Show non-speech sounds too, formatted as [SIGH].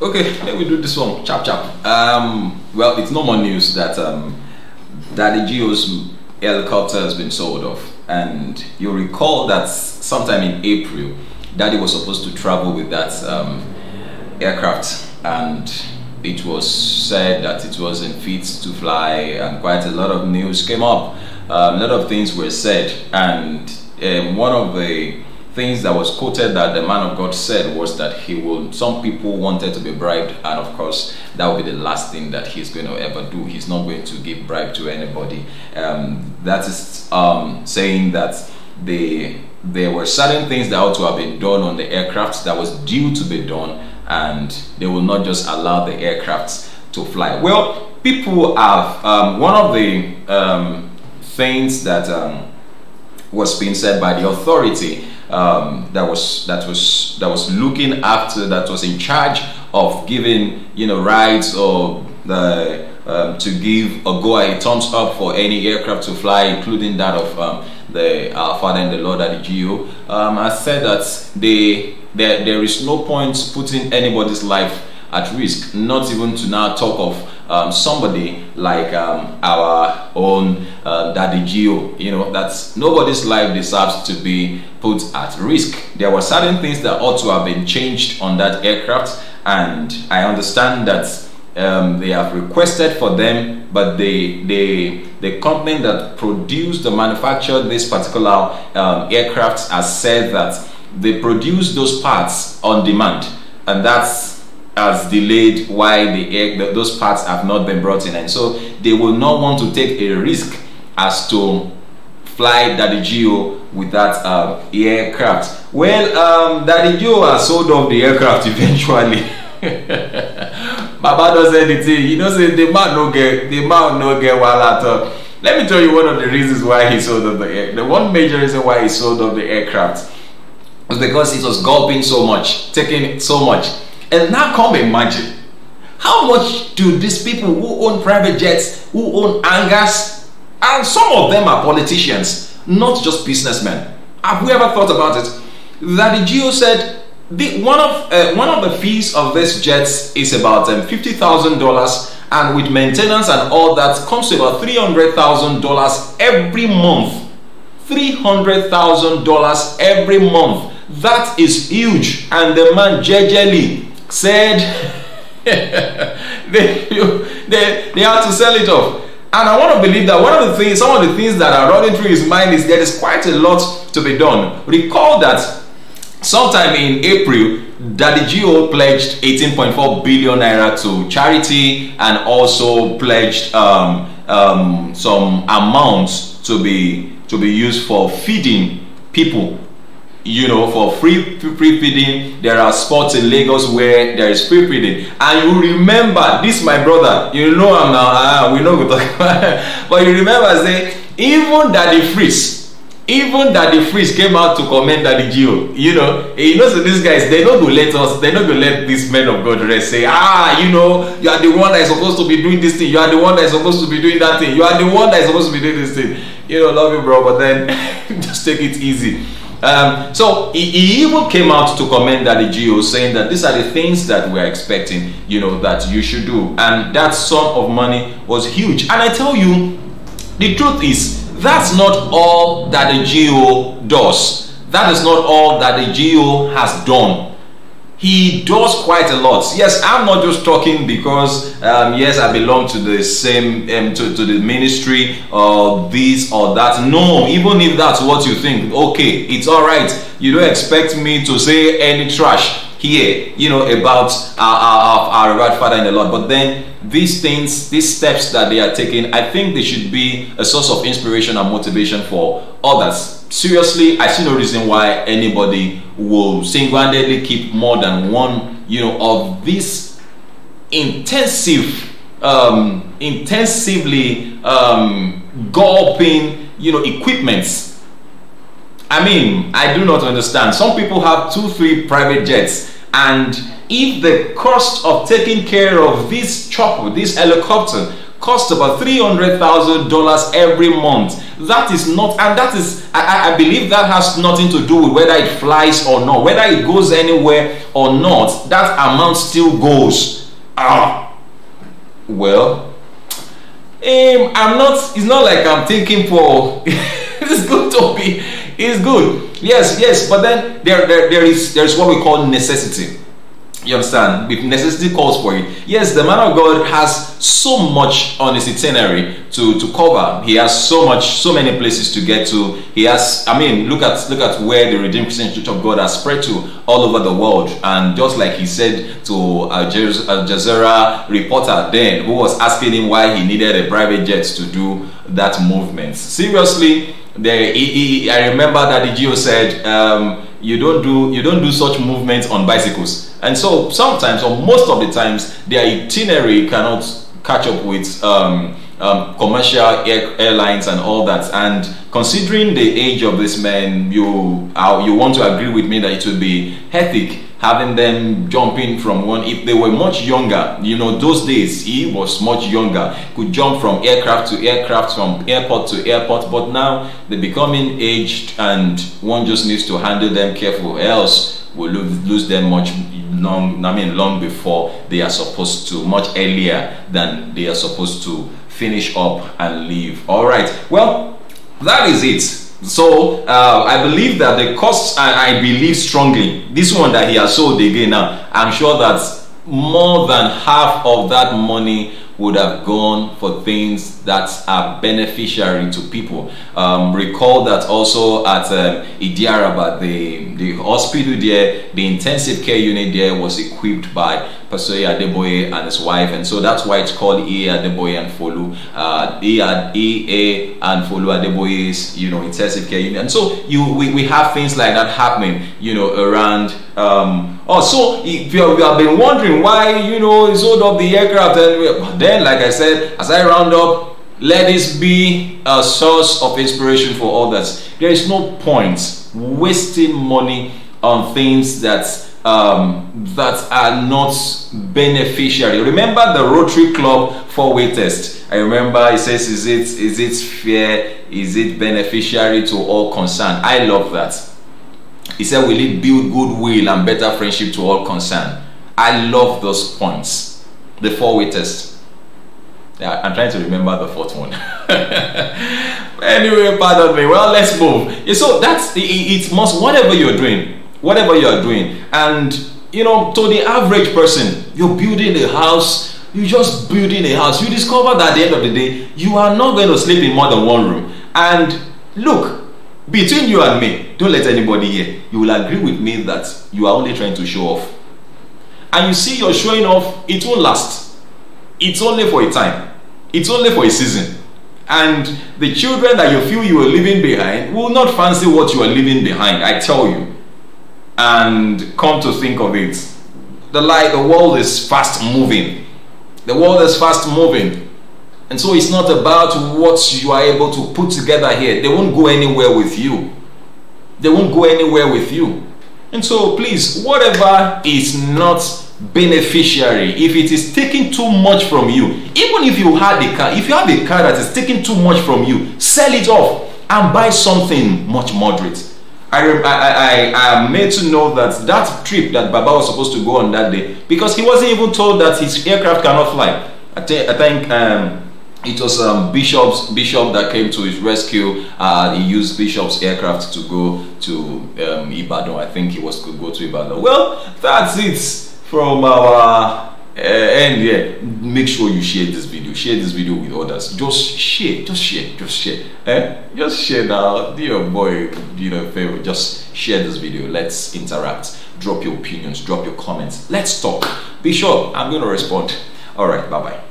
Okay, let me do this one. Chap chap. Um, well, it's normal news that um, Daddy Geo's helicopter has been sold off, and you recall that sometime in April, Daddy was supposed to travel with that um, aircraft, and it was said that it wasn't fit to fly, and quite a lot of news came up. Um, a lot of things were said, and um, one of the things that was quoted that the man of God said was that he will some people wanted to be bribed and of course that will be the last thing that he's going to ever do he's not going to give bribe to anybody um, that is um, saying that they there were certain things that ought to have been done on the aircraft that was due to be done and they will not just allow the aircrafts to fly well people have um, one of the um, things that um, was being said by the authority um, that was that was that was looking after that was in charge of giving you know rights or the, uh, um, to give a go a thumbs up for any aircraft to fly including that of um, the our father and the lord at the geo i said that they, they there is no point putting anybody's life at risk not even to now talk of um, somebody like um, our own uh, Daddy Gio. You know, that's nobody's life deserves to be put at risk. There were certain things that ought to have been changed on that aircraft, and I understand that. Um, they have requested for them, but they, they, the company that produced the manufactured this particular um, aircraft has said that they produce those parts on demand, and that's has delayed why the egg the, those parts have not been brought in and so they will not want to take a risk as to fly Daddy Geo with that um, aircraft well um, Daddy Geo has sold off the aircraft [LAUGHS] eventually [LAUGHS] Baba does anything you know say the man no get the man no get while at all let me tell you one of the reasons why he sold off the air the one major reason why he sold off the aircraft was because it was gulping so much taking so much and now come imagine how much do these people who own private jets, who own hangars, and some of them are politicians, not just businessmen. Have we ever thought about it? That the GEO said the, one of uh, one of the fees of these jets is about um, fifty thousand dollars, and with maintenance and all that comes to about three hundred thousand dollars every month. Three hundred thousand dollars every month. That is huge, and the man J Lee said [LAUGHS] they, they, they had to sell it off. And I want to believe that one of the things, some of the things that are running through his mind is there is quite a lot to be done. Recall that sometime in April, Daddy Gio pledged 18.4 billion naira to charity and also pledged um, um, some amounts to be to be used for feeding people you know, for free free feeding. There are spots in Lagos where there is free feeding. And you remember, this my brother, you know I'm now, Ah, we know we talk [LAUGHS] But you remember, say, even Daddy Freeze, even Daddy Freeze came out to commend Daddy geo. You know, he knows that these guys, they don't go let us, they don't go let this men of God rest. Say, ah, you know, you are the one that is supposed to be doing this thing. You are the one that is supposed to be doing that thing. You are the one that is supposed to be doing this thing. You know, love you, bro, but then [LAUGHS] just take it easy. Um, so he, he even came out to commend that the GO saying that these are the things that we're expecting, you know, that you should do. And that sum of money was huge. And I tell you, the truth is, that's not all that the GO does. That is not all that the GO has done he does quite a lot. Yes, I'm not just talking because um, yes, I belong to the same um, to, to the ministry or this or that. No, even if that's what you think, okay, it's all right. You don't expect me to say any trash here, you know, about our, our, our, our father in the Lord. But then these things, these steps that they are taking, I think they should be a source of inspiration and motivation for others. Seriously, I see no reason why anybody will single-handedly keep more than one, you know, of these intensive, um, intensively um, gulping, you know, equipments I mean, I do not understand. Some people have two, three private jets, and if the cost of taking care of this chopper, this helicopter, costs about $300,000 every month. That is not, and that is, I, I, believe that has nothing to do with whether it flies or not, whether it goes anywhere or not. That amount still goes. Ah, well, um, I'm not, it's not like I'm thinking for, [LAUGHS] it's good to be, it's good. Yes, yes, but then there, there, there is, there is what we call necessity you understand? If necessity calls for it. Yes, the man of God has so much on his itinerary to, to cover. He has so much, so many places to get to. He has, I mean, look at look at where the Redeemed Christian Church of God has spread to all over the world. And just like he said to Al Jazeera reporter then, who was asking him why he needed a private jet to do that movement. Seriously, the, he, he, I remember that the geo said, um, you don't do you don't do such movements on bicycles and so sometimes, or most of the times, their itinerary cannot catch up with um, um, commercial air, airlines and all that. And considering the age of these men, you uh, you want to agree with me that it would be ethic having them jump in from one if they were much younger you know those days he was much younger could jump from aircraft to aircraft from airport to airport but now they're becoming aged and one just needs to handle them careful else we'll lose them much long, I mean, long before they are supposed to, much earlier than they are supposed to finish up and leave. All right. Well, that is it. So uh, I believe that the costs, I, I believe strongly, this one that he has sold again now, I'm sure that more than half of that money would have gone for things that are beneficiary to people. Um, recall that also at um, Idiaraba, the, the hospital there, the intensive care unit there was equipped by Pastor Adeboye and his wife. And so that's why it's called E Adeboye and Folu. Uh, e, and Folu Adeboye is, you know, intensive care unit. And so you we, we have things like that happening, you know, around. Um, oh, so if you, have been wondering why, you know, is sold up the aircraft, and then, like I said, as I round up, let this be a source of inspiration for others. There is no point wasting money on things that um, that are not beneficiary. Remember the Rotary Club four-way test. I remember it says, "Is it is it fair? Is it beneficiary to all concerned?" I love that. He said, "Will it build goodwill and better friendship to all concerned?" I love those points. The four-way test. Yeah, I'm trying to remember the fourth one. [LAUGHS] anyway, pardon me. Well, let's move. So that's it, it must whatever you're doing whatever you are doing. And you know, to the average person, you're building a house, you're just building a house. You discover that at the end of the day, you are not going to sleep in more than one room. And look, between you and me, don't let anybody hear. You will agree with me that you are only trying to show off. And you see, you're showing off, it won't last. It's only for a time, it's only for a season. And the children that you feel you are leaving behind will not fancy what you are leaving behind, I tell you. And come to think of it, the light, the world is fast moving. The world is fast moving. And so it's not about what you are able to put together here. They won't go anywhere with you. They won't go anywhere with you. And so please, whatever is not beneficiary, if it is taking too much from you, even if you had a car, if you have a car that is taking too much from you, sell it off and buy something much moderate. I, I, I, am made to know that that trip that Baba was supposed to go on that day, because he wasn't even told that his aircraft cannot fly. I, th I think um, it was um, Bishop's Bishop that came to his rescue. Uh, he used Bishop's aircraft to go to um, Ibadan. I think he was to go to Ibadan. Well, that's it from our uh, and yeah, make sure you share this video. Share this video with others. Just share, just share, just share. Eh? Just share now, dear boy, you know, favor. Just share this video. Let's interact. Drop your opinions, drop your comments. Let's talk. Be sure I'm gonna respond. All right, bye bye.